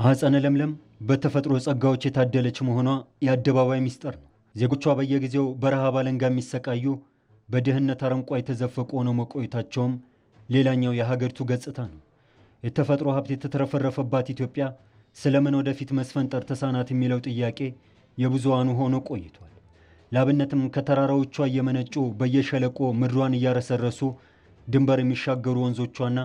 ማኅፀነ ለምለም በተፈጥሮ ጸጋዎች የታደለች መሆኗ የአደባባይ ምስጢር ነው። ዜጎቿ በየጊዜው በረሃብ አለንጋ የሚሰቃዩ በድህነት አረንቋ የተዘፈቁ ሆነው መቆየታቸውም ሌላኛው የሀገሪቱ ገጽታ ነው። የተፈጥሮ ሀብት የተትረፈረፈባት ኢትዮጵያ ስለምን ወደፊት መስፈንጠር ተሳናት የሚለው ጥያቄ የብዙሃኑ ሆኖ ቆይቷል። ላብነትም ከተራራዎቿ እየመነጩ በየሸለቆ ምድሯን እያረሰረሱ ድንበር የሚሻገሩ ወንዞቿና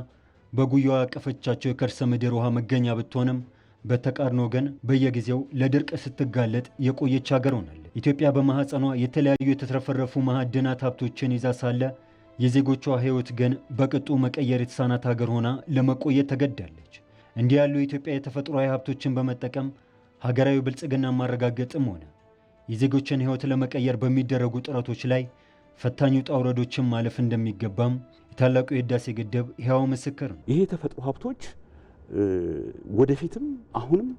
በጉያዋ ያቀፈቻቸው የከርሰ ምድር ውሃ መገኛ ብትሆንም በተቃርኖ ግን በየጊዜው ለድርቅ ስትጋለጥ የቆየች ሀገር ሆናለች። ኢትዮጵያ በማኅፀኗ የተለያዩ የተትረፈረፉ ማዕድናት ሀብቶችን ይዛ ሳለ የዜጎቿ ሕይወት ግን በቅጡ መቀየር የተሳናት ሀገር ሆና ለመቆየት ተገዳለች። እንዲህ ያሉ የኢትዮጵያ የተፈጥሯዊ ሀብቶችን በመጠቀም ሀገራዊ ብልጽግና ማረጋገጥም ሆነ የዜጎችን ሕይወት ለመቀየር በሚደረጉ ጥረቶች ላይ ፈታኝ ውጣ ውረዶችን ማለፍ እንደሚገባም የታላቁ የህዳሴ ግድብ ሕያው ምስክር ነው። ይሄ የተፈጥሮ ሀብቶች ወደፊትም አሁንም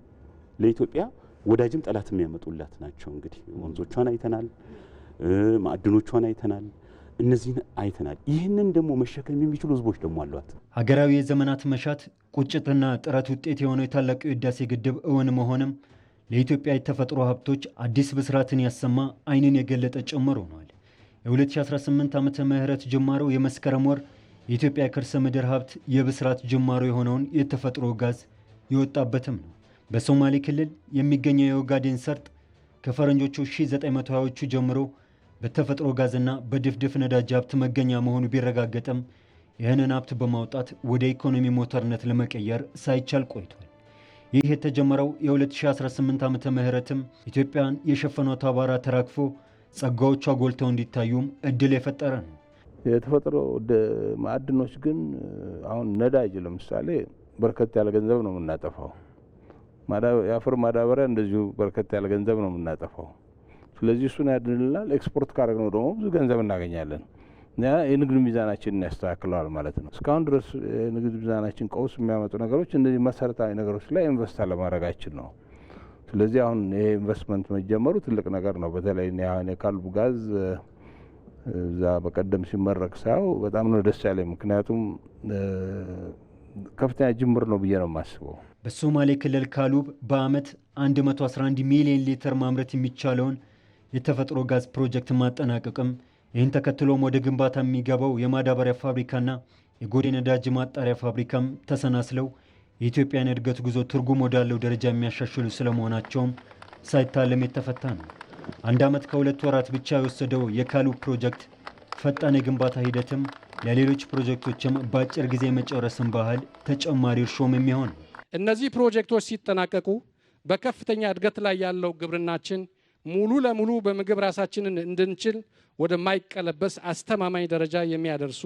ለኢትዮጵያ ወዳጅም ጠላትም የሚያመጡላት ናቸው። እንግዲህ ወንዞቿን አይተናል፣ ማዕድኖቿን አይተናል፣ እነዚህን አይተናል። ይህንን ደግሞ መሸከም የሚችሉ ህዝቦች ደግሞ አሏት። ሀገራዊ የዘመናት መሻት ቁጭትና ጥረት ውጤት የሆነው የታላቁ የህዳሴ ግድብ እውን መሆንም ለኢትዮጵያ የተፈጥሮ ሀብቶች አዲስ ብስራትን ያሰማ አይንን የገለጠ ጭምር ሆኗል። የ2018 ዓመተ ምህረት ጅማሮ የመስከረም ወር የኢትዮጵያ የከርሰ ምድር ሀብት የብስራት ጅማሮ የሆነውን የተፈጥሮ ጋዝ የወጣበትም ነው። በሶማሌ ክልል የሚገኘው የኦጋዴን ሰርጥ ከፈረንጆቹ 1920ዎቹ ጀምሮ በተፈጥሮ ጋዝና በድፍድፍ ነዳጅ ሀብት መገኛ መሆኑ ቢረጋገጥም ይህንን ሀብት በማውጣት ወደ ኢኮኖሚ ሞተርነት ለመቀየር ሳይቻል ቆይቷል። ይህ የተጀመረው የ2018 ዓመተ ምህረትም ኢትዮጵያን የሸፈኗት አቧራ ተራክፎ ጸጋዎቿ ጎልተው እንዲታዩም እድል የፈጠረ ነው። የተፈጥሮ ማዕድኖች ግን አሁን ነዳጅ ለምሳሌ በርከት ያለ ገንዘብ ነው የምናጠፋው። የአፈር ማዳበሪያ እንደዚሁ በርከት ያለ ገንዘብ ነው የምናጠፋው። ስለዚህ እሱን ያድንልናል። ኤክስፖርት ካደረግነው ደግሞ ብዙ ገንዘብ እናገኛለን። የንግድ ሚዛናችንን ያስተካክለዋል ማለት ነው። እስካሁን ድረስ የንግድ ሚዛናችን ቀውስ የሚያመጡ ነገሮች እነዚህ መሰረታዊ ነገሮች ላይ ኢንቨስት አለማድረጋችን ነው። ስለዚህ አሁን ይሄ ኢንቨስትመንት መጀመሩ ትልቅ ነገር ነው። በተለይ ካሉ ጋዝ እዛ በቀደም ሲመረቅ ሳው በጣም ነው ደስ ያለኝ። ምክንያቱም ከፍተኛ ጅምር ነው ብዬ ነው የማስበው። በሶማሌ ክልል ካሉብ በዓመት 111 ሚሊዮን ሊትር ማምረት የሚቻለውን የተፈጥሮ ጋዝ ፕሮጀክት ማጠናቀቅም ይህን ተከትሎም ወደ ግንባታ የሚገባው የማዳበሪያ ፋብሪካና የጎዴ ነዳጅ ማጣሪያ ፋብሪካም ተሰናስለው የኢትዮጵያን እድገት ጉዞ ትርጉም ወዳለው ደረጃ የሚያሻሽሉ ስለመሆናቸውም ሳይታለም የተፈታ ነው። አንድ ዓመት ከሁለት ወራት ብቻ የወሰደው የካሉ ፕሮጀክት ፈጣን የግንባታ ሂደትም ለሌሎች ፕሮጀክቶችም በአጭር ጊዜ መጨረስን ባህል ተጨማሪ እርሾም የሚሆን እነዚህ ፕሮጀክቶች ሲጠናቀቁ በከፍተኛ እድገት ላይ ያለው ግብርናችን ሙሉ ለሙሉ በምግብ ራሳችንን እንድንችል ወደማይቀለበስ አስተማማኝ ደረጃ የሚያደርሱ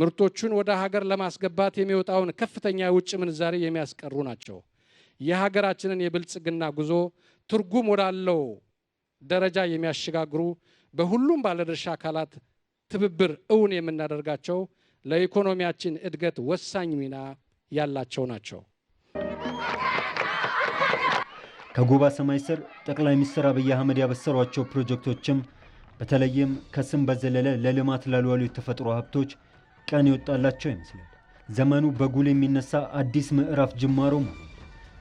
ምርቶቹን ወደ ሀገር ለማስገባት የሚወጣውን ከፍተኛ የውጭ ምንዛሬ የሚያስቀሩ ናቸው። የሀገራችንን የብልጽግና ጉዞ ትርጉም ወዳለው ደረጃ የሚያሸጋግሩ በሁሉም ባለድርሻ አካላት ትብብር እውን የምናደርጋቸው ለኢኮኖሚያችን እድገት ወሳኝ ሚና ያላቸው ናቸው። ከጉባ ሰማይ ስር ጠቅላይ ሚኒስትር አብይ አህመድ ያበሰሯቸው ፕሮጀክቶችም በተለይም ከስም በዘለለ ለልማት ላልዋሉ የተፈጥሮ ሀብቶች ቀን ይወጣላቸው ይመስላል። ዘመኑ በጉል የሚነሳ አዲስ ምዕራፍ ጅማሮ መሆኑ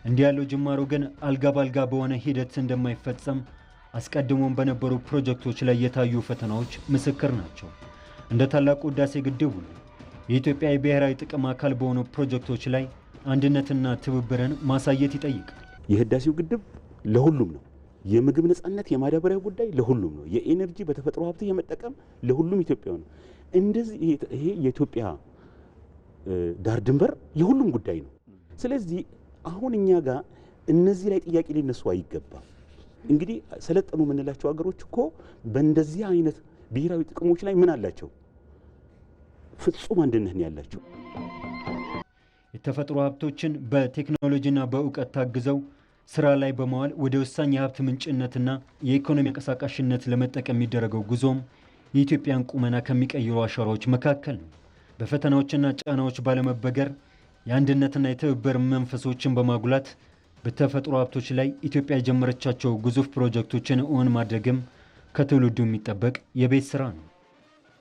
እንዲህ ያለው ጅማሮ ግን አልጋ ባልጋ በሆነ ሂደት እንደማይፈጸም አስቀድሞም በነበሩ ፕሮጀክቶች ላይ የታዩ ፈተናዎች ምስክር ናቸው። እንደ ታላቁ ህዳሴ ግድብ ሁሉ የኢትዮጵያ የብሔራዊ ጥቅም አካል በሆኑ ፕሮጀክቶች ላይ አንድነትና ትብብርን ማሳየት ይጠይቃል። የሕዳሴው ግድብ ለሁሉም ነው። የምግብ ነጻነት፣ የማዳበሪያ ጉዳይ ለሁሉም ነው። የኤነርጂ በተፈጥሮ ሀብት የመጠቀም ለሁሉም ኢትዮጵያ ነው። እንደዚህ ይሄ የኢትዮጵያ ዳር ድንበር የሁሉም ጉዳይ ነው። ስለዚህ አሁን እኛ ጋር እነዚህ ላይ ጥያቄ ሊነሱ አይገባም። እንግዲህ ሰለጠኑ የምንላቸው ሀገሮች እኮ በእንደዚህ አይነት ብሔራዊ ጥቅሞች ላይ ምን አላቸው? ፍጹም አንድነት ነው ያላቸው። የተፈጥሮ ሀብቶችን በቴክኖሎጂና በእውቀት ታግዘው ስራ ላይ በመዋል ወደ ወሳኝ የሀብት ምንጭነትና የኢኮኖሚ አንቀሳቃሽነት ለመጠቀም የሚደረገው ጉዞም የኢትዮጵያን ቁመና ከሚቀይሩ አሻራዎች መካከል ነው። በፈተናዎችና ጫናዎች ባለመበገር የአንድነትና የትብብር መንፈሶችን በማጉላት በተፈጥሮ ሀብቶች ላይ ኢትዮጵያ የጀመረቻቸው ግዙፍ ፕሮጀክቶችን እውን ማድረግም ከትውልዱ የሚጠበቅ የቤት ስራ ነው።